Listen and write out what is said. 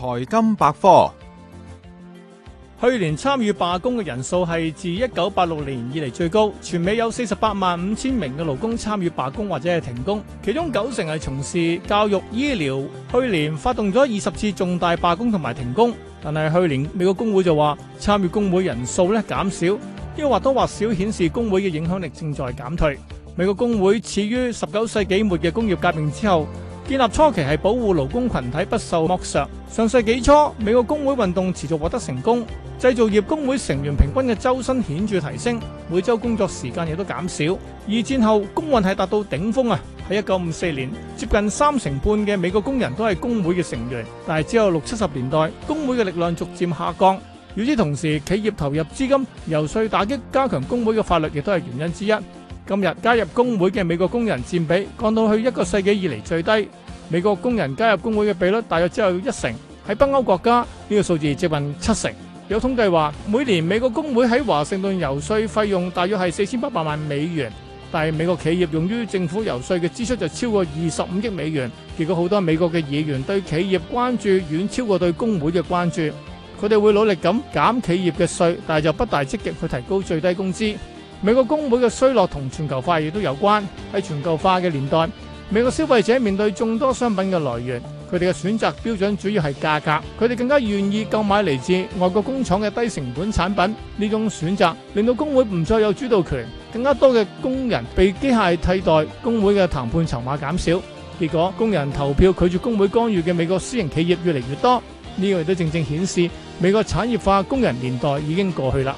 財金百科，去年參與罷工嘅人數係自一九八六年以嚟最高，全美有四十八萬五千名嘅勞工參與罷工或者係停工，其中九成係從事教育、醫療。去年發動咗二十次重大罷工同埋停工，但係去年美國工會就話參與工會人數呢，減少，呢個或多或少顯示工會嘅影響力正在減退。美國工會始於十九世紀末嘅工業革命之後。建立初期係保護勞工群體不受剝削。上世紀初，美國工會運動持續獲得成功，製造業工會成員平均嘅周薪顯著提升，每周工作時間亦都減少。二戰後，工運係達到頂峰啊！喺一九五四年，接近三成半嘅美國工人都係工會嘅成員，但係只有六七十年代，工會嘅力量逐漸下降。與此同時，企業投入資金遊說打擊加強工會嘅法律，亦都係原因之一。今日加入工會嘅美國工人佔比降到去一個世紀以嚟最低，美國工人加入工會嘅比率大約只有一成，喺北歐國家呢個數字接近七成。有統計話，每年美國工會喺華盛頓遊說費用大約係四千八百萬美元，但係美國企業用於政府遊說嘅支出就超過二十五億美元。結果好多美國嘅議員對企業關注遠超過對工會嘅關注，佢哋會努力咁減企業嘅稅，但係就不大積極去提高最低工資。美國工會嘅衰落同全球化亦都有關。喺全球化嘅年代，美國消費者面對眾多商品嘅來源，佢哋嘅選擇標準主要係價格。佢哋更加願意購買嚟自外國工廠嘅低成本產品。呢種選擇令到工會唔再有主導權，更加多嘅工人被機械替代，工會嘅談判籌碼減少。結果，工人投票拒絕工會干預嘅美國私營企業越嚟越多。呢個亦都正正顯示美國產業化工人年代已經過去啦。